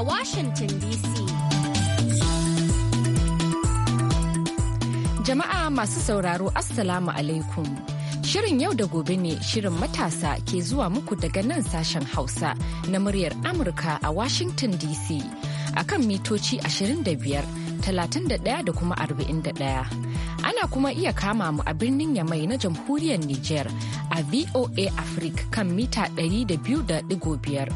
a Washington DC. Jama'a masu sauraro Assalamu alaikum. Shirin yau da gobe ne shirin matasa ke zuwa muku daga nan sashen Hausa na muryar Amurka a Washington DC kan mitoci 25, 31 da kuma 41. ana kuma iya kama mu a birnin yamai na jamhuriyar Nijar a VOA Africa kan mita 200.5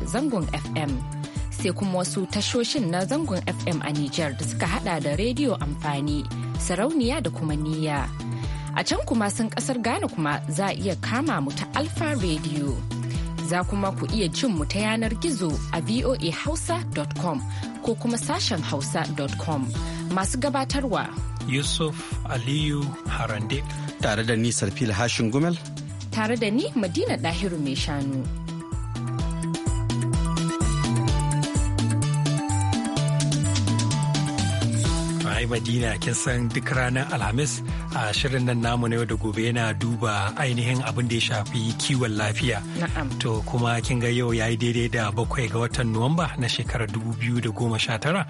zangon FM. sai kuma wasu tashoshin na zangon FM a Nijar da suka hada da rediyo amfani, sarauniya da kuma niyya. A can kuma sun kasar Ghana kuma za a iya kama mu ta Alfa rediyo Za kuma ku iya cin mu ta yanar gizo a voahausa.com ko kuma sashen hausa.com. Masu gabatarwa. Yusuf Aliyu Harande. Tare da ni Sarfil Hashin Gumel. Tare da ni Madina Dahiru Mai Shanu. yi madina kin san duk ranar alhamis a shirin nan namu na yau da gobe yana duba ainihin abin da ya shafi kiwon lafiya to kuma kin ga yau ya yi daidai da bakwai ga watan nuwamba na shekarar dubu biyu da goma sha tara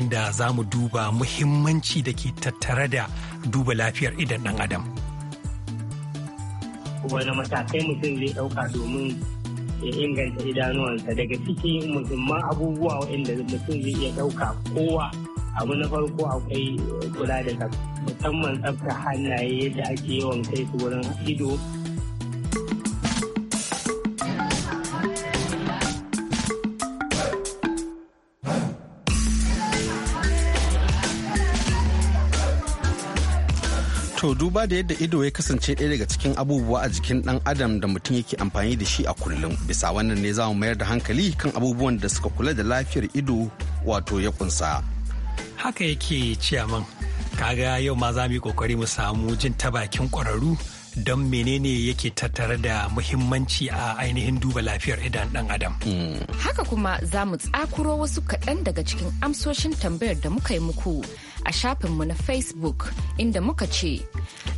inda za mu duba muhimmanci da ke tattare da duba lafiyar idan dan adam wani matakai mutum zai ɗauka domin ya inganta idanuwansa daga cikin muhimman abubuwa waɗanda mutum zai iya ɗauka kowa abu na farko akwai kula da ta musamman tsaftar hannaye yadda ake yawan kai su wurin ido To duba da yadda ido ya kasance ɗaya daga cikin abubuwa a jikin ɗan adam da mutum yake amfani da shi a kullum. Bisa wannan ne za mu mayar da hankali kan abubuwan da suka kula da lafiyar ido wato ya kunsa. haka yake ciyaman kaga yau ma za mu yi kokari mu samu jin ta bakin ƙwararru don menene yake tattare da muhimmanci a ainihin duba lafiyar idan dan adam. Haka kuma za mu tsakuro wasu kaɗan daga cikin amsoshin tambayar da muka yi muku a shafinmu na Facebook inda muka ce,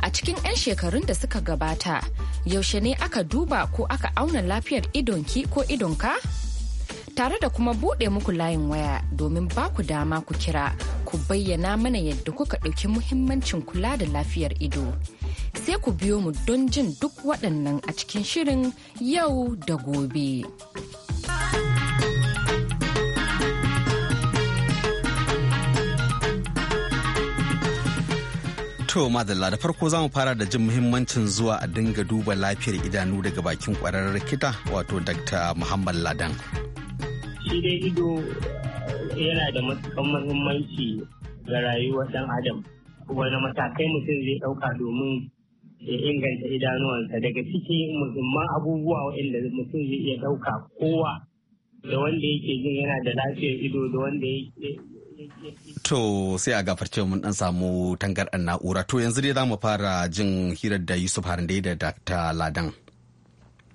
a cikin 'yan shekarun da suka gabata, yaushe ne aka duba ko aka auna lafiyar idonki ko idonka? tare da kuma buɗe muku layin waya domin ba ku dama ku kira ku bayyana mana yadda kuka ɗauki muhimmancin kula da lafiyar ido. Sai ku biyo mu don jin duk waɗannan a cikin shirin yau da gobe. To madalla da farko za mu fara da jin muhimmancin zuwa a dinga duba lafiyar idanu daga bakin kwararren likita wato Dr. Muhammad Ladan. shi dai ido eh, yana da matukan muhimmanci ga rayuwar dan adam wani matakai mutum zai ɗauka domin ya inganta idanuwansa daga ciki muhimman abubuwa waɗanda mutum zai iya ɗauka kowa da wanda yake jin yana da lafiyar ido da wanda yake To sai a gafarce mun dan samu tangar na'ura to yanzu dai za mu fara jin hirar da Yusuf harun da Dr. Ladan.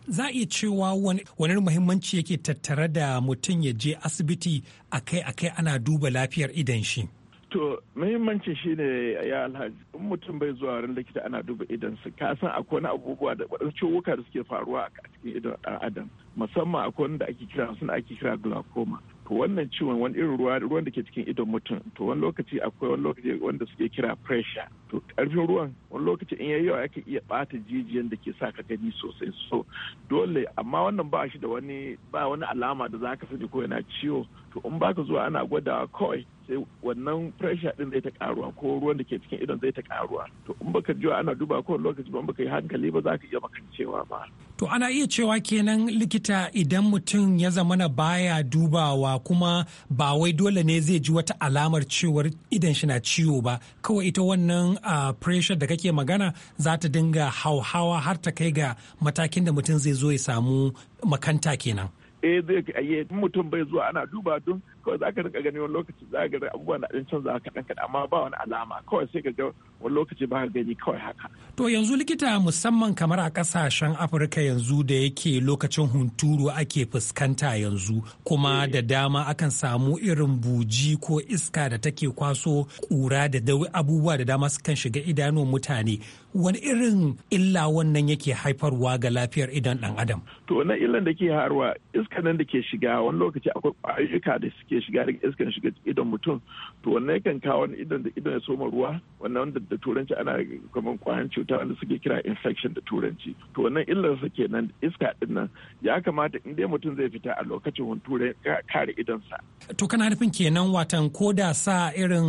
za a iya cewa wani muhimmanci yake tattare da mutum ya je asibiti akai-akai ana duba lafiyar idan shi. To muhimmanci shi ne ya alhaji in mutum bai zuwa wurin likita ana duba idansa ka san akwai wani abubuwa da waɗansu ciwuka da suke faruwa a cikin idon ɗan adam musamman akwai wanda ake kira suna ake kira glaucoma to wannan ciwon wani irin ruwa ruwan da ke cikin idon mutum to wani lokaci akwai wani lokaci wanda suke kira pressure to karfin ruwan wani lokaci in yayi yawa aka iya bata jijiyan da ke sa ka gani sosai so dole amma wannan ba shi da wani ba wani alama da za ka sani ko yana ciwo to in baka zuwa ana gwadawa kawai sai wannan pressure din zai ta karuwa ko ruwan da ke cikin idon zai ta karuwa to in baka jiwa ana duba ko lokaci ba baka yi hankali ba za ka iya makancewa ba. To ana iya cewa kenan likita idan mutum ya zamana baya dubawa kuma ba wai dole ne zai ji wata alamar cewar idan shi na ciwo ba kawai ita wannan uh, pressure da kake magana za ta dinga hauhawa har ta kai ga matakin da mutum zai zo ya samu makanta kenan. eh zai ga eh, mutum bai zuwa ana duba don kawai za ka rika gani wani lokaci za ka ga abubuwa na ɗan canza kaɗan kaɗan amma ba wani alama kawai sai ka ga wani lokaci ba ka gani kawai haka. To yanzu likita musamman kamar a ƙasashen Afirka yanzu da yake lokacin hunturu ake fuskanta yanzu kuma eh. da dama akan samu irin buji ko iska da take kwaso ƙura da abubuwa da dama sukan shiga idanun mutane. wani irin illa wannan yake haifarwa ga lafiyar idan dan adam to na illan da ke harwa iska nan da ke shiga wani lokaci akwai ayyuka da suke shiga daga iska shiga idan mutum to wannan yakan kawo wani idan da idan ya soma ruwa wannan da turanci ana kaman kwayan cuta wanda suke kira infection da turanci to wannan illar sa kenan iska din nan ya kamata in dai mutum zai fita a lokacin hunture kare sa. to kana nufin kenan watan ko da sa irin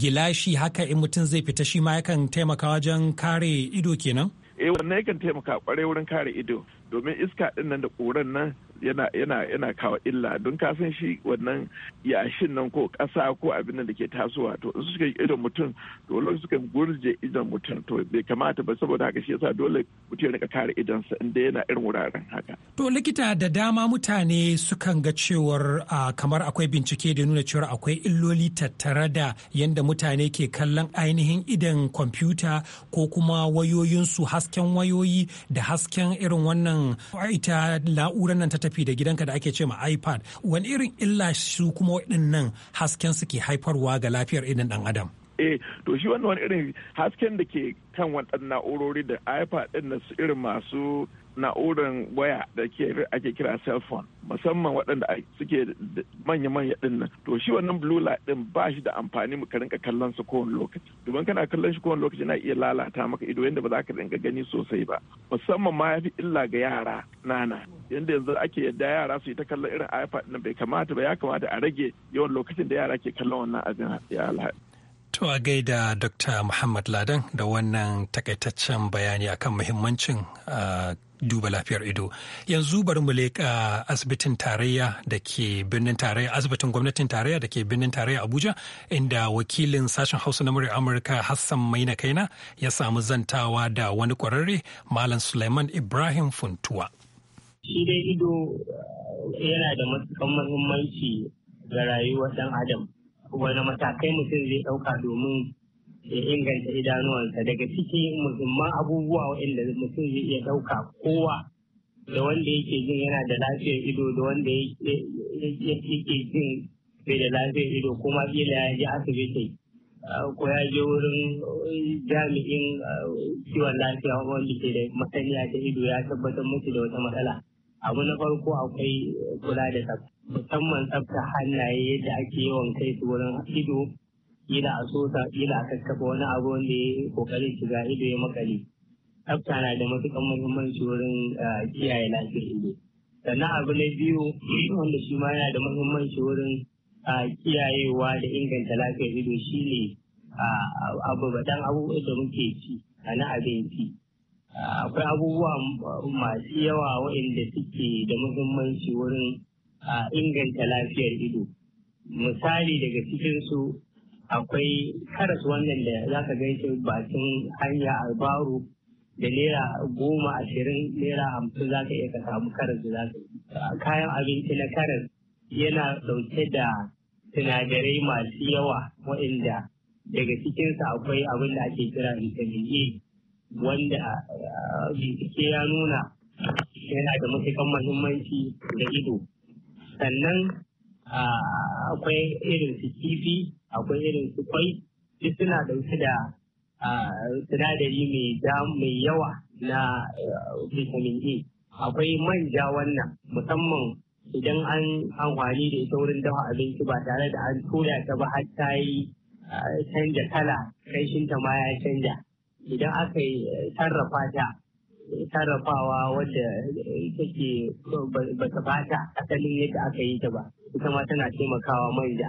gilashi haka in mutum zai fita shi ma yakan taimaka wajen kare kare ido kenan? Eh wannan yakan taimaka kwarai wurin kare ido domin iska ɗin nan da ƙuran nan yana yana kawo illa don kasan shi wannan yashin nan ko ƙasa ko abin da ke tasowa to su suka yi mutum to lokacin suka gurje idon mutum to bai kamata ba saboda haka shi yasa dole mutum ya rika kare sa inda yana irin wuraren haka to likita da dama mutane sukan ga cewar kamar akwai bincike da nuna cewar akwai illoli tattare da yanda mutane ke kallon ainihin idon kwamfuta ko kuma wayoyinsu hasken wayoyi da hasken irin wannan ita na'urar nan ta tafi da gidanka da ake ce ma ipad wani irin illa su kuma waɗannan hasken suke haifarwa ga lafiyar idan ɗan adam eh to shi wannan wani irin hasken da ke kan waɗannan na'urori da ipad ɗin da su irin masu na'urar waya da ake kira cell phone musamman waɗanda suke manya-manya ɗin nan to shi wannan blue light ɗin ba shi da amfani mu ka rinka kallon su kowane lokaci domin kana kallon shi kowane lokaci na iya lalata maka ido yadda ba za ka rinka gani sosai ba musamman ma ya fi illa ga yara nana yadda yanzu ake yadda yara su yi ta kallon irin ipad din bai kamata ba ya kamata a rage yawan lokacin da yara ke kallon wannan abin ya alhaji To a gaida Dr. Muhammad Ladan da wannan takaitaccen bayani akan muhimmancin duba lafiyar ido. Yanzu bari mu leƙa asibitin tarayya da ke birnin tarayya, asibitin gwamnatin tarayya da ke birnin tarayya Abuja, inda wakilin sashen Hausa na murya Amurka Hassan Maina Kaina ya samu zantawa da wani kwararre Malam Suleiman Ibrahim Funtuwa. Shi dai ido yana da matuƙar muhimmanci ga rayuwar ɗan Adam. wani matakai mutum zai ɗauka domin ya inganta idanuwansa daga cikin muhimman abubuwa waɗanda mutum zai iya ɗauka kowa da wanda yake jin yana da lafiyar ido da wanda yake jin bai da lafiyar ido kuma kila ya ji asibiti ah, ko ya je wurin jami'in ah, kiwon lafiya wanda ke da masaniya ta ido ya tabbatar musu da wata matsala abu na farko akwai kula da tsafta musamman tsafta hannaye yadda ake yawan kai su wurin ido ila a sosa ila a kakkafa wani abu wanda ya kokarin shiga ido ya makale tsafta na da matuƙar muhimmanci wurin ah, kiyaye lafiyar ido sannan abu na biyu wanda shi ma yana da muhimmanci wurin ah, kiyayewa da inganta lafiyar ido shine abubatan ah, baɗan abubuwan da muke ci a na abinci akwai abubuwa masu yawa waɗanda suke da muhimmanci wurin a inganta lafiyar ido misali daga cikinsu akwai karas wannan da za ka gan bakin hanya albaru da naira goma ashirin naira hamsin za ka iya ka samu karas da za ka kayan abinci na karas yana dauke da sinadarai masu yawa waɗanda daga cikinsa akwai abin da ake kira vitamin A wanda ah, bincike ya nuna yana da matuƙar muhimmanci ga ido sannan akwai irin su kifi akwai irin su kwai duk suna ɗauke da sinadari mai yawa na vitamin A. Akwai manja wannan musamman idan an amfani da ita wurin dafa abinci ba tare da an tura ta ba har ta yi canja kala kanshinta ma ya canja. Idan aka yi sarrafa ta sarrafawa wadda take ba ta bata asalin yadda aka yi ta ba ita ma tana taimakawa manja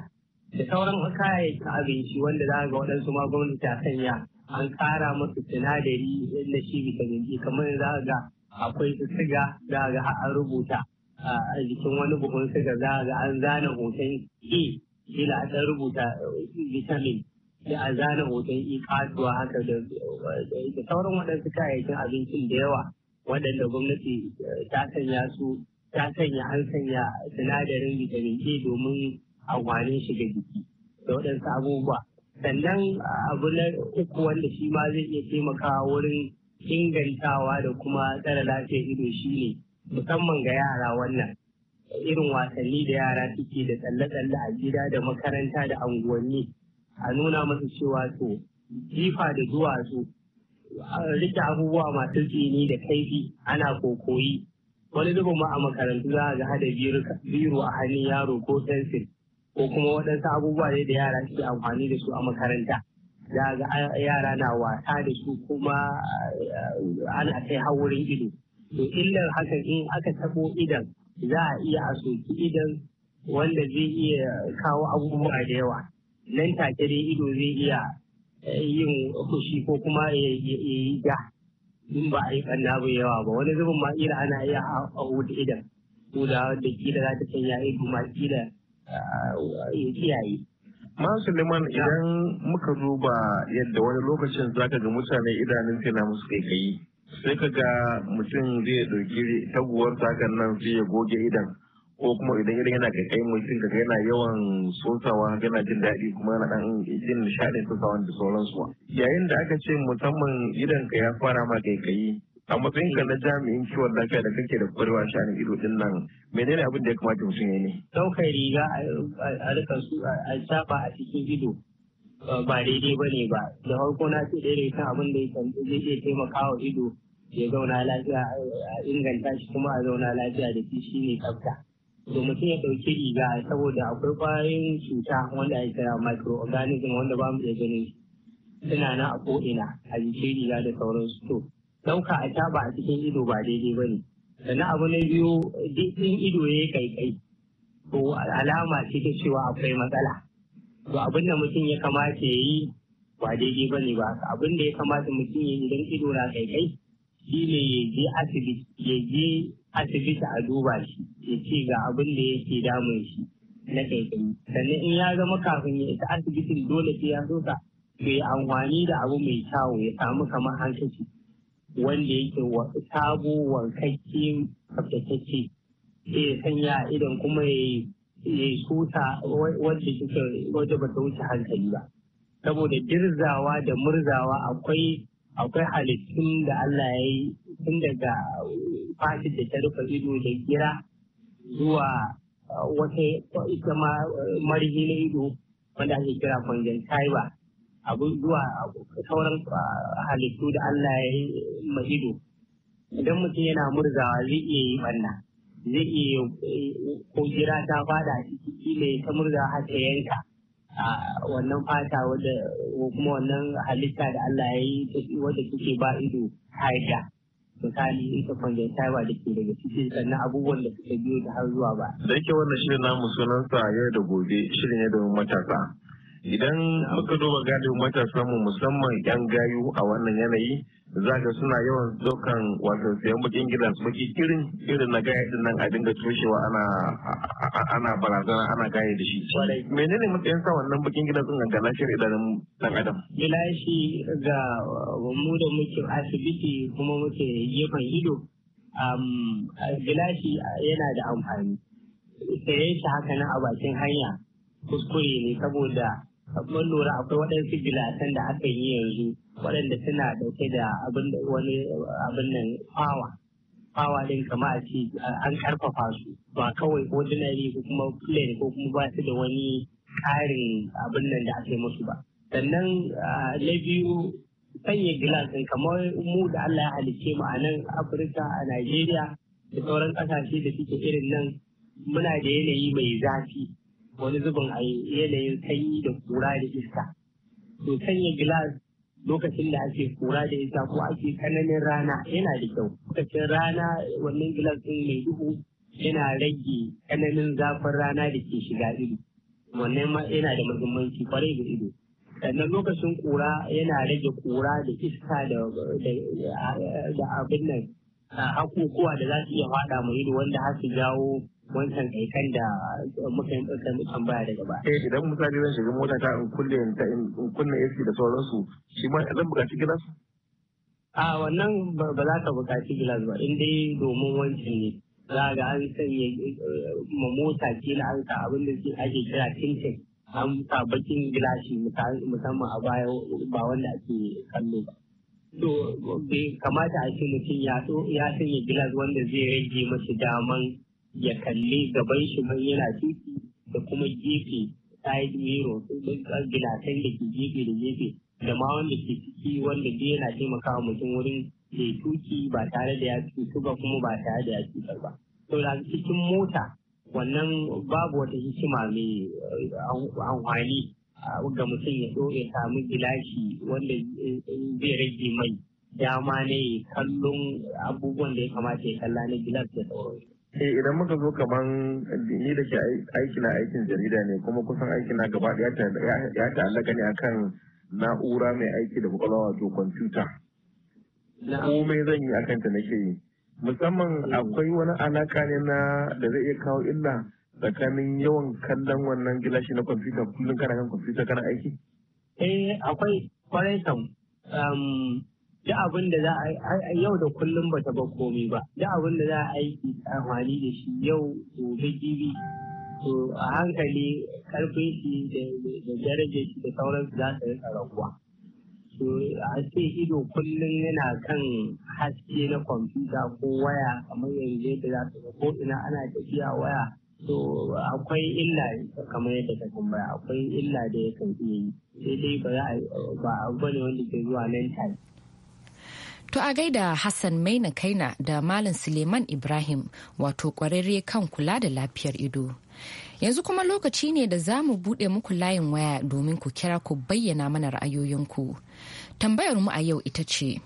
da sauran kayayyakin abinci wanda za ga waɗansu ma ta sanya an ƙara musu sinadari na shi vitamin D e. kamar za ga akwai su siga za ga an rubuta a jikin wani buhun siga za ga an zana hoton E kila an rubuta vitamin da a zana hoton ikatuwa haka da sauran waɗansu kayayyakin abincin da yawa waɗanda gwamnati eh, ta sanya su ta sanya an sanya sinadarin vitamin A domin amfanin shi ga jiki da waɗansu abubuwa sannan ah, abu na uku wanda shi ma zai iya taimakawa wurin ingantawa da kuma tsara lafiyar ido shine musamman ga yara wannan irin wasanni da yara suke da tsalle-tsalle a gida da makaranta da unguwanni. a nuna masa cewa to jifa da duwatsu rike abubuwa masu tsini da kaifi ana kokoyi wani zubin ma a makarantu za a ga hada biro a hannun yaro ko fensir ko kuma waɗansu abubuwa ne da yara suke amfani da su a makaranta za a ga yara na wasa da su kuma ana kai haurin ido to illar hakan in aka tabo idan za a iya a soki idan wanda zai iya kawo abubuwa da yawa nan take dai ido zai iya eh, yin kushi ko kuma ya yi ja in ba a yi ɓanna bai yawa ba wani zubin ma kila ana iya a hudu idan ko da da kila za ta sanya ido ma kila ah, ya kiyaye. Ma Suleiman idan muka duba yadda wani lokacin za ka ga mutane idanun na musu kaikayi sai ka ga mutum zai ɗauki taguwar takan nan sai ya goge idan. ko kuma idan irin yana kai mutum kaga yana yawan sosawa yana jin daɗi kuma yana ɗan jin nishaɗin sosawa da sauransu yayin da aka ce musamman idan ka ya fara ma kai a matsayin ka na jami'in kiwon lafiya da kake da kwarewa sha'anin ido din nan menene abin da ya kamata mutum ya ne daukar riga a rika su a shafa a cikin ido ba daidai ba ne ba da farko na ce ɗaya ta abin da ya iya taimaka wa ido ya zauna lafiya a inganta shi kuma a zauna lafiya da shi shine tsafta to mutum ya ɗauki riga saboda akwai kwayoyin cuta wanda ake kira microorganism wanda ba mu iya ganin suna na a ko'ina a jikin riga da sauransu to ɗauka a taba a cikin ido ba daidai ba ne sannan abu na biyu ɗin ido ya yi kaikai to alama ce ta cewa akwai matsala to abin da mutum ya kamata ya yi ba daidai ba ne ba abin da ya kamata mutum ya yi idan ido na kaikai shi ne ya je asibiti ya je asibiti a duba shi ya ci ga abin da yake damun shi na kaikayi sannan in ya zama kafin ya isa asibitin dole sai ya soka to ya amfani da abu mai kyawu ya samu kamar hankali wanda yake sabo wankakke tsaftatacce sai ya sanya idan kuma ya yi kusa wanda ba ta wuce hankali ba saboda dirzawa da murzawa akwai akwai halittun da Allah ya yi tun daga fashi da ta rufe ido da gira zuwa wata ita ma marihi na ido wanda ake kira kwanjan taiba abu zuwa sauran halittu da Allah ya yi ma ido idan mutum yana murzawa zai iya yi banna zai iya eh, ko jira ta fada ciki ne ta murza har ta yanka wannan fata wadda ko kuma wannan halitta da Allah ya yi wadda take ba ido haida misali ita kwanjan taiwa da ke daga ciki sannan abubuwan da suka biyo da har zuwa ba. Da yake wannan shirin namu sunansa yau da gobe shirin ya domin matasa. idan muka duba gadin matasan mu musamman yan gayu a wannan yanayi za ka suna yawan dokan wasan sayan bakin gidan su baki irin irin na gaya din nan a dinga toshewa ana ana barazana ana gaya da shi menene matsayin sa wannan bakin gidan sun gangana shirin idanun dan adam ila shi ga mu da muke asibiti kuma muke gefen ido gilashi yana da amfani saye shi haka nan a bakin hanya kuskure ne saboda mun lura akwai waɗansu gilasan da aka yi yanzu waɗanda suna ɗauke da abin da wani abin nan fawa fawa din kama a ce an karfafa su ba kawai ordinary ko kuma plain ko kuma ba su da wani ƙarin abin nan da aka yi musu ba sannan na biyu sanya gilasin kamar mu da Allah ya halicce mu a nan Afirka a Najeriya da sauran kasashe da suke irin nan muna da yanayi mai zafi wani zubin a yanayin sanyi da kura da iska to sanya glass lokacin da ake kura da iska ko ake tsananin rana yana da kyau lokacin rana wannan gilas ɗin mai duhu yana rage tsananin zafin rana da ke shiga ido wannan yana da muhimmanci kwarai da ido sannan lokacin kura yana rage kura da iska da abin nan hakukuwa da za su iya faɗa mu ido wanda har su jawo wancan aikan da muka yi ɗaukar baya daga ba. Eh idan misali zan shiga mota ta in kulle in kunna AC da sauransu shi ma zan buƙaci gilas? A wannan ba za ka buƙaci gilas ba in dai domin wancan ne. Za ga an sanya ma mota ke na an sa abin da ake kira tintin an sa bakin gilashi musamman a baya ba wanda ake kallo ba. to bai kamata a ce mutum ya sanya gilas wanda zai rage mashi daman ya kalli gaban shi mai yana titi da kuma gefe side mirror gilasan da ke gefe da gefe da ma wanda ke ciki wanda dai yana taimakawa mutum wurin ya tuki ba tare da ya cutu ba kuma ba tare da ya cutar ba. To da cikin mota wannan babu wata hikima mai eh, amfani ah, ga mutum ya so ya samu gilashi wanda eh, eh, zai rage mai dama ne kallon abubuwan da ya kamata ya kalla na gilas da sauransu. Eh idan muka zo kaman eh, ni da ke aiki na aikin jarida ne kuma kusan aiki na gaba ya ta'allaka ne akan na'ura mai aiki da kwakwalwa wato kwamfuta. Komai zan yi akan ta nake yi. Musamman akwai wani alaka ne na da zai iya kawo illa tsakanin yawan kallon wannan gilashi na kwamfuta kullum kana kan kwamfuta kana aiki? Eh akwai kwarai duk abin da za a yau da kullum ba ta ba komi ba duk abin da za a aiki amfani da shi yau gobe gibi to a hankali karfin shi da daraja shi da sauran za su yi raguwa to a ce ido kullum yana kan haske na kwamfuta ko waya kamar yanzu da za su ko ina ana tafiya waya to akwai illa kamar yadda ta akwai illa da ya kan iya yi sai dai ba za a ba ne wanda ke zuwa nan To a gaida Hassan Maina Kaina da Malam Suleiman Ibrahim wato kwararre kan kula da lafiyar ido. Yanzu kuma lokaci ne da za mu buɗe muku layin waya domin ku kira ku bayyana mana ra'ayoyinku. Tambayar mu a yau ita ce,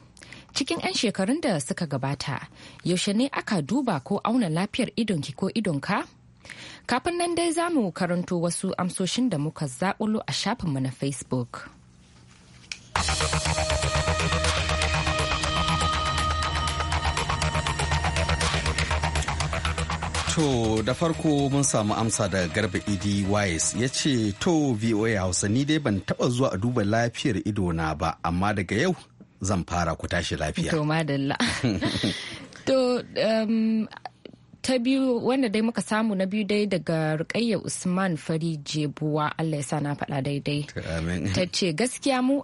cikin 'yan shekarun da suka gabata, yaushe ne aka duba ko auna lafiyar idonki ko idonka? Kafin nan dai za mu karanto wasu amsoshin da muka zaɓulo a shafinmu na Facebook. To da farko mun samu amsa da garba idi wise ya ce to voa hausa ni dai ban taba zuwa a duba lafiyar idona ba amma daga yau zan fara ku tashi lafiya. To madalla. to um, ta biyu wanda dai muka samu na biyu dai daga rukayya usman fari jebuwa allah ya sa na faɗa daidai ta ce gaskiya mu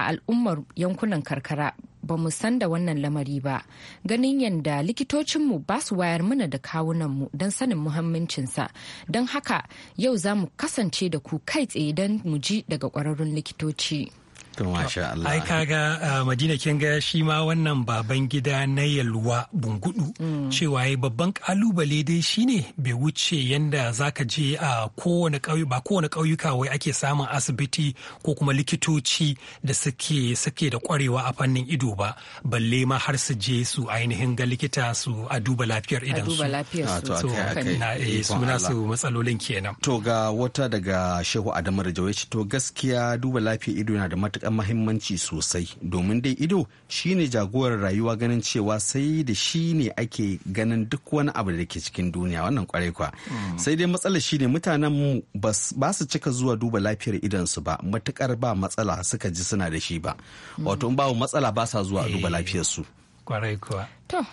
a al'ummar yankunan karkara ba mu san da wannan lamari ba ganin yadda likitocinmu ba su wayar mana da kawunanmu don sanin muhammancinsa don haka yau za mu kasance da ku kai tsaye don mu ji daga kwararrun likitoci. Allah. Ai kaga Madina shi ma wannan baban gida na yalwa bungudu mm. cewa ya babban kalubale dai shine bai wuce yanda zaka je a kowane ƙauye ba kowane ƙauyuka wai ake samun asibiti ko kuma likitoci da suke suke da kwarewa a fannin ido ba balle ma har su je su ainihin ga likita su a duba lafiyar idan eh, su. A duba lafiyar su. Suna su matsalolin kenan. To ga wata daga Shehu Adamu to gaskiya duba lafiyar ido yana da matuƙar matukar mahimmanci sosai domin dai ido shine jagorar rayuwa ganin cewa sai da shi ne ake ganin duk wani abu da ke cikin duniya wannan kwarai kwa hmm. sai dai matsalar ne mutanen mu ba su cika zuwa duba lafiyar idon su ba matukar ba matsala suka ji suna da shi ba hmm. wato ba matsala ba sa zuwa duba eh. lafiyar su kwarai kuwa to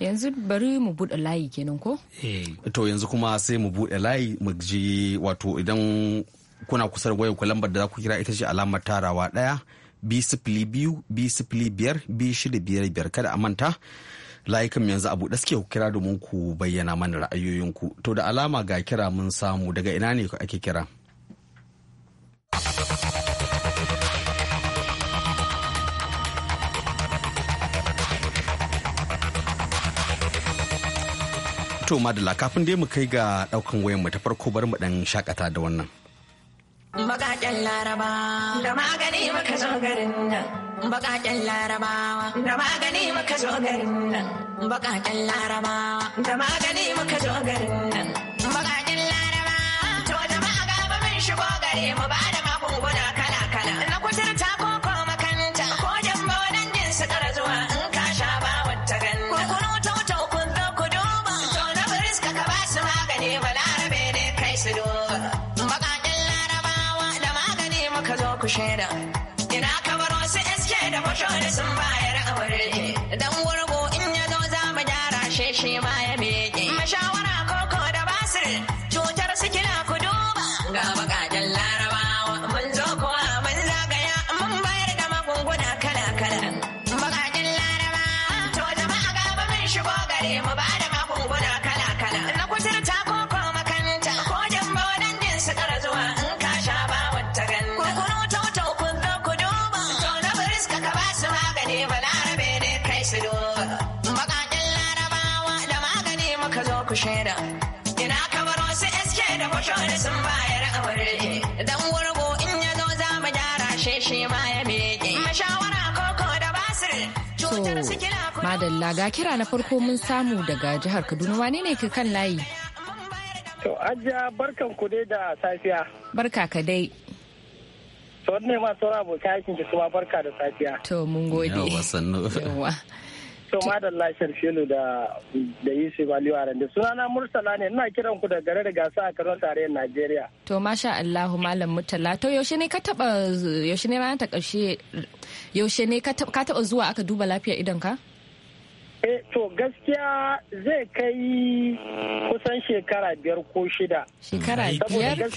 yanzu bari mu buɗe layi kenan ko? Eh. to yanzu kuma sai mu buɗe layi mu ji wato idan kuna kusa da wayar ku lambar da za ku kira ita ce alamar tarawa ɗaya bi sifili biyu bi sifili biyar bi shida biyar biyar kada a manta layukan yanzu abu suke ku kira domin ku bayyana mana ra'ayoyinku to da alama ga kira mun samu daga ina ne ake kira to madala kafin dai mu kai ga daukan wayan mu ta farko bari mu dan shakata da wannan Baƙaƙen laraba. Da magani muka zo garin nan. Baƙaƙen larabawa. Da magani muka zo garin nan. Baƙaƙen larabawa. Da magani muka zo garin nan. Baƙaƙen larabawa. To jama'a gaba mun shigo gare mu ba da shaida ina kamar wasu SK da bashori sun bayar aure dan gurgu in ya zo za mu gyara shi shi ma Madalla ga kira na farko mun samu daga jihar Kaduna wane ne ke kan layi? To ajiya barkan ku dai da safiya. Barka ka dai. To ne ma saura abokan aikin ki kuma barka da safiya. To mun gode. Yawa sannu. Yawa. To Lashar shelu da da Yusuf Aliyu suna Sunana Murtala ne ina kiran ku da garar gasa a tare tarayyar Najeriya. To masha Allah Malam Murtala to yaushe ne ka taba zuwa aka duba lafiyar idon ka? Eh to gaskiya zai kai kusan shekara biyar ko shida. Shekara biyar?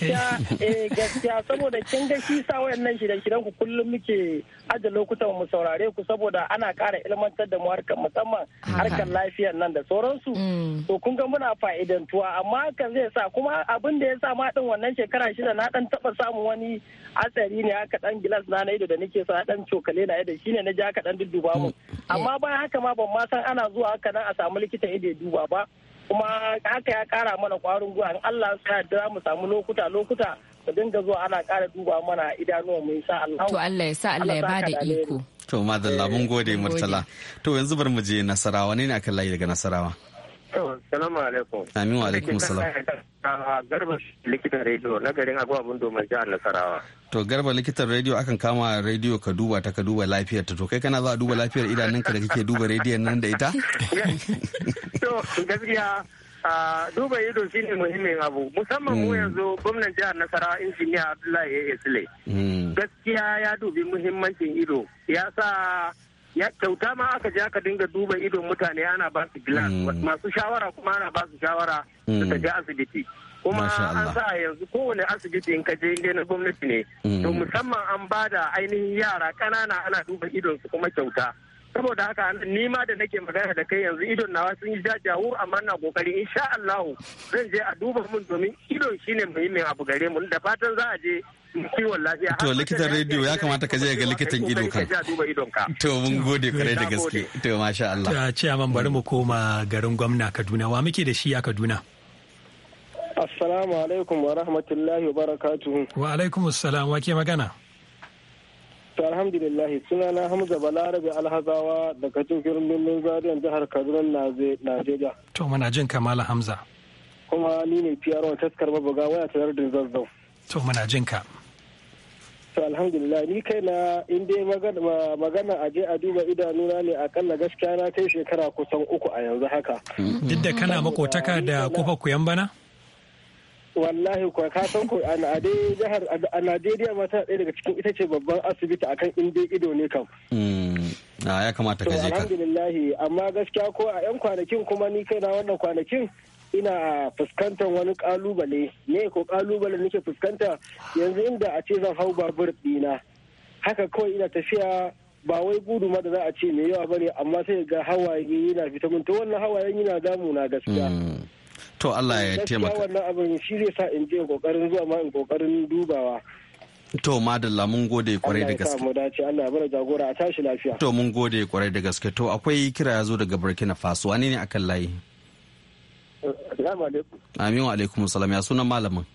Eh, gaskiya saboda kin ga shi sa wayannan shirye shiryen ku kullum muke aje lokutan mu saurare ku saboda ana ƙara ilmantar da mu harkar musamman harkar lafiyar nan da sauransu. Mm. To kun ga muna fa'idantuwa amma hakan zai sa kuma abin da ya sa ma din wannan shekara shida na dan taba samun wani hatsari ne haka dan gilas na na ido da nake sa dan cokale na yadda shine na ji haka dan dudduba mu. Mm. Amma bayan haka ma ban ma san ana ana zuwa haka nan a samu likita ya duba ba kuma haka ya kara mana kwarin gwiwa in Allah ya yarda mu samu lokuta lokuta da dinga zuwa ana kara duba mana idanuwa mu insha Allah to Allah ya sa Allah ya bada iko to madalla mun gode murtala to yanzu bar mu je nasarawa ne ne aka layi daga nasarawa Salamu alaikum. Amin wa alaikum salam. Garba likitan rediyo na garin agwabin domin jihar Nasarawa. To garba likitan rediyo akan kama rediyo ka duba ta ka duba lafiyar ta to kai kana za a duba lafiyar idanunka da kake duba rediyon nan da ita? To gaskiya duba ido shi ne muhimmin abu musamman mu hmm. yanzu gwamnan jihar Nasarawa injiniya Abdullahi Esle. Hmm. Gaskiya ya dubi muhimmancin ido ya sa ya kyauta ma aka je aka dinga duba idon mutane ana ba su mm. masu shawara kuma ana ba su shawara su je mm. asibiti kuma an sa yanzu kowane asibiti in ka je inda na gwamnati ne to mm. musamman an ba da ainihin yara ƙanana ana duba idon su kuma kyauta saboda haka anan ni ma da nake magana da kai yanzu idon nawa sun yi jajawo amma na kokari insha Allah zan je a duba mun domin idon shine muhimmin abu gare mu da fatan za a je kiwon lafiya to likitan rediyo ya kamata ka je ga likitan ido ka to mun gode kare da gaske to masha Allah ta ce amma bari mu koma garin gwamna Kaduna wa muke da shi a Kaduna Assalamu alaikum wa rahmatullahi wa barakatuhu wa alaikum assalam wa ke magana To alhamdulillah sunana Hamza Balarabe Alhazawa daga cikin birnin Zariyan jihar Kaduna Najeriya. To mana jin Kamala Hamza. Kuma ni ne wa taskar mabuga waya ta yardin zazzau. To mana jin ka. To alhamdulillah ni kai na in dai magana a je a duba idanuna ne akalla gaskiya na kai shekara kusan uku a yanzu haka. Duk da kana makotaka da kofa kuyan bana? wallahi kuwa ka san ko a jihar a Najeriya ma tana ɗaya daga cikin ita ce babban asibiti akan in dai ido ne kam. Na hmm. ah, ya kamata ka je ka. Alhamdulillah amma gaskiya ko a 'yan kwanakin kuma ni kai na wannan kwanakin ina fuskantar wani kalubale ne ko kalubale nake fuskanta yanzu inda a ce zan hau babur dina haka kawai ina tafiya ba wai gudu ma da za a ce mai yawa bane amma sai ga hawaye yana fita mun to wannan hawayen yana damu na gaskiya. Hmm. to Allah ya taimaka wannan abin shi zai sa in je kokarin zuwa ma in kokarin dubawa To madalla mun gode kwarai da gaske. Allah ya dace Allah ya bar jagora a tashi lafiya. To mun gode kwarai da gaske. To akwai kira ya zo daga Burkina Faso wani ne akan layi? Assalamu alaikum. Amin wa alaikum salam ya sunan malamin.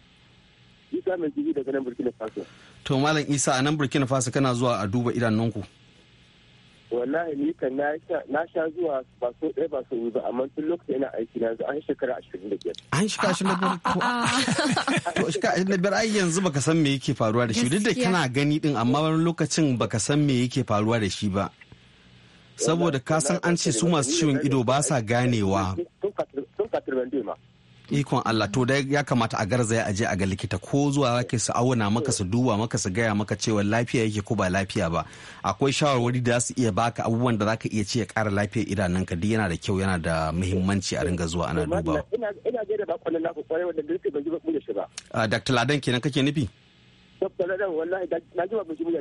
Isa mai jiri daga nan Burkina Faso. To malam Isa a nan Burkina Faso kana zuwa a duba idanunku. wallahi ni kan na sha zuwa ba so ɗaya ba so ba amma tun lokacin yana aiki na an shekara ashirin da biyar. An shekara ashirin da biyar ah, ah, ah, ko shekara ashirin da biyar ai yanzu baka san me yake faruwa da shi duk da kana gani din amma wani lokacin baka san me yake faruwa da shi ba. Saboda ka san an ce su masu ciwon ido ba sa ganewa. Sun katirban ma. ikon Allah to dai ya kamata a garzaya a je a ga likita ko zuwa yake su auna maka su duba maka su gaya maka cewa lafiya yake ko ba lafiya ba akwai shawarwari da su iya baka abubuwan da zaka iya ci ya kara lafiya idanunka duk yana da kyau yana da muhimmanci a ringa zuwa ana duba ina ina ga da bakon na ku kwarewa duk ban ji ba shi ba ah, Dr. Ladan kenan kake nufi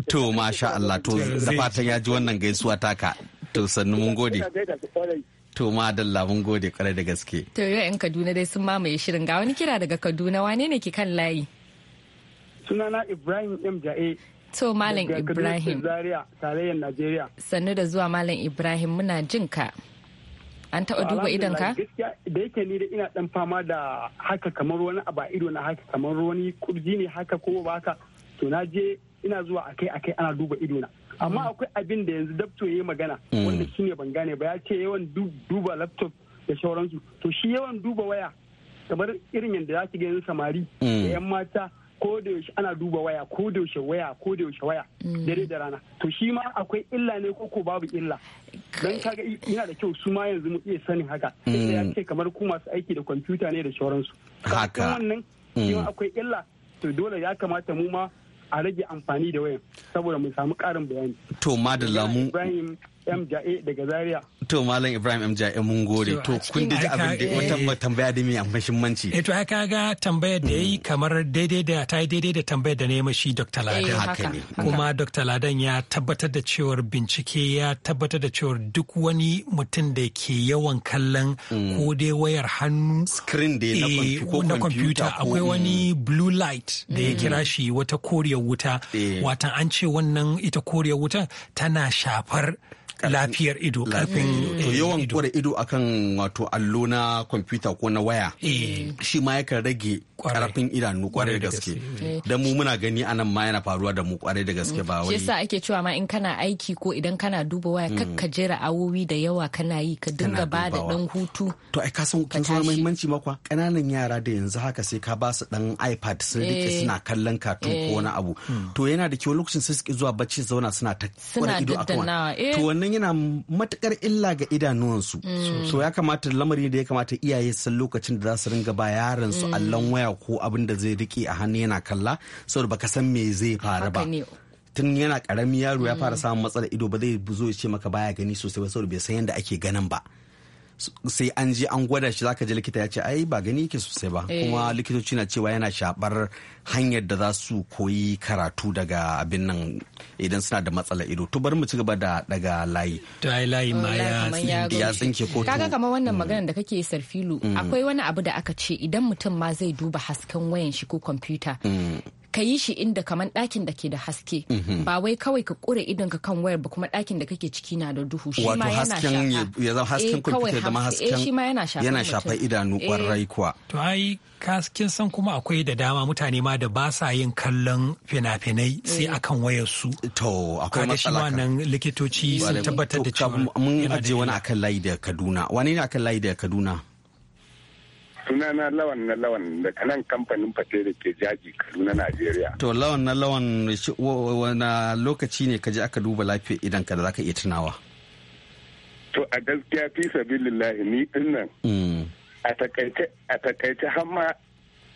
To masha Allah to zafatan fatan ya ji wannan gaisuwa taka to sannu mun gode. to ma dalla mun gode kwarai da gaske to yau yan kaduna dai sun mamaye shirin ga wani kira daga kaduna wane ne ke kan layi sunana ibrahim m ja'e to malam ibrahim zaria tarayyar najeriya sannu da zuwa malam ibrahim muna jin ka an taɓa duba idan ka? da yake ni da ina dan fama da haka kamar wani aba ido na haka kamar wani kurji ne haka ko ba haka to na je ina zuwa akai akai ana duba ido na amma mm. akwai abin da yanzu dabto ya yi magana mm. wanda shine ban gane ba ya ce yawan duba laptop da sauransu to shi yawan duba waya kamar irin yadda za ki ga yanzu samari da mm. yan mata ko da yaushe ana duba waya ko da yaushe waya ko da yaushe waya dare da rana to shi ma akwai illa ne ko ko babu illa dan kaga yana da kyau su ma yanzu mu iya sanin haka ya ce kamar ku masu aiki da kwamfuta ne da sauransu haka wannan shi akwai illa to dole ya kamata mu ma a rage amfani da wayan saboda mu samu karin bayani to madalla mu daga Zaria. To Malam Ibrahim M Ja'e mun gode. To kun ji abin da wata eh. tambaya da mai muhimmanci. Eh to ai kaga tambayar da yayi kamar daidai da ta yi daidai da tambayar da na yi shi Dr. Eh, Ladan. Haka ne. Kuma Dr. Ladan ya tabbatar da cewar bincike ya tabbatar da cewar duk wani mutum da ke yawan kallon mm. ko dai wayar hannu screen da eh, na kwamfuta akwai wani mm. blue light da ya mm. kira shi wata koriyar wuta. Watan an ce wannan ita koriyar wuta tana shafar lafiyar ido kafin to eh, yawan kore ido akan wato allo na kwamfuta ko na waya eh. shi ma yakan rage karfin idanu kware da gaske eh. dan mu muna gani anan ma yana faruwa da mu kware da gaske ba wai yasa ake cewa ma in kana aiki ko idan kana duba waya kak mm. ka jera awowi da yawa kana yi ka dinga ba da dan hutu to ai ka san kin san muhimmanci kwa kananan yara da yanzu haka sai ka ba su dan iPad sun rike suna kallon katun ko wani abu hmm. to yana da kyau lokacin sai suke zuwa bacci zauna suna ta kwara ido akan to wannan wannan yana matukar illa ga idanuwansu mm. so ya kamata lamari da ya kamata iyaye san lokacin da za su ringa ba yaran su mm. allon waya ko abin da zai rike a hannu yana kalla saboda baka san me zai faru ba tun yana karami yaro ya fara mm. samun matsalar ido ba zai zo ya ce maka baya gani sosai ba saboda bai san yadda ake ganin ba sai an je an gwada shi zaka je likita ya ce ai ba gani yake sosai ba eh. kuma likitoci na cewa yana shabar hanyar da za su koyi karatu daga abin nan idan suna da matsala ido to bari mu ci gaba da daga layi to ai layi ma oh, ya tsinke ko kaga kamar wannan mm. magana da kake sarfilu mm. akwai wani abu da aka ce idan mutum ma zai duba hasken wayan shi ko kwamfuta mm. ka yi shi inda kamar ɗakin da ke da haske mhm. ba wai kawai ka kure idon ka kan wayar ba kuma ɗakin da kake ciki na da duhu shi ma yana shafa ya zama hasken eh, kwamfuta da eh, hasken shi ma yana shafa yana shafa idanu kwarai eh. kuwa to ai kin san kuma akwai da dama mutane ma da ba sa yin kallon fina-finai sai akan wayar su to akwai matsala kan likitoci sun tabbatar da cewa mun ajiye wani akan layi da Kaduna wani ne akan layi da Kaduna sunana lawan na lawan da kanan kamfanin fate da ke jaji na najeriya to lawan na lawan wani lokaci ne ka ji aka duba lafiya idan ka da ka iya tunawa to a gaskiya fi lillahi ni dinnan hmm. a takaice a takaice hamma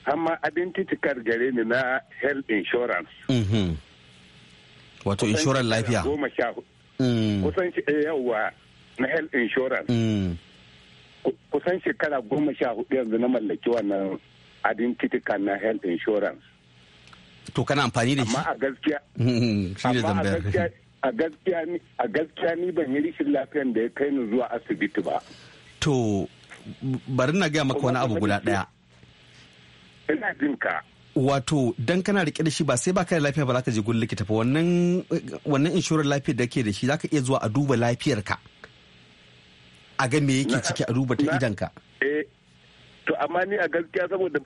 hamma identity card gare ni na health insurance mm-hmm. wato insurance lafiya goma sha hmm. kusan eh, yawwa na health insurance hmm. kusan shekara goma sha hudu yanzu na mallaki wannan identity card na health insurance to kana amfani da shi amma a gaskiya hmm, amma a gaskiya a gaskiya ni a gaskiya ni ban yi rishin lafiyan da ya kai ni zuwa asibiti ba to bari na gaya maka wani abu guda ɗaya. ina jin ka wato dan kana rike da shi ba sai ka da lafiya ba za ka je gudun likita ba wannan wannan inshorar lafiyar da ke da shi za ka iya zuwa a duba lafiyarka ka a ga me yake ciki a duba ta idanka eh, to amma ni a gaskiya saboda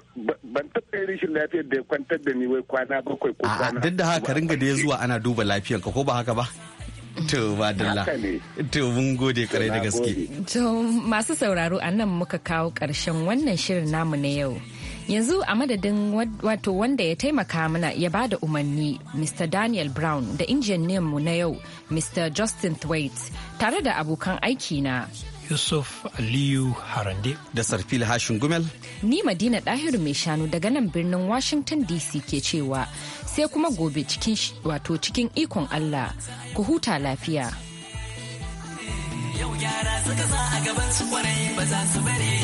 ban taɓa yin rashin lafiyar da ya kwantar da ni wai kwana bakwai ko kwana duk da haka ringa da ya zuwa ana duba lafiyanka ko ba haka ba To ba Badalla. To mun gode kare da gaske. To masu sauraro a nan muka kawo ƙarshen wannan shirin namu na yau. Yanzu a madadin wato wanda ya taimaka mana ya ba da umarni Mr. Daniel Brown da injiniyan mu na yau Mr. Justin Thwaite tare da abokan aiki na Yusuf Aliyu Harande. Da Sarfil Hashin Gumel. Ni Madina Dahiru mai shanu daga nan birnin Washington DC ke cewa sai kuma gobe cikin wato cikin ikon Allah ku huta lafiya. Yau yara suka za a gaban su kwarai ba za su bari.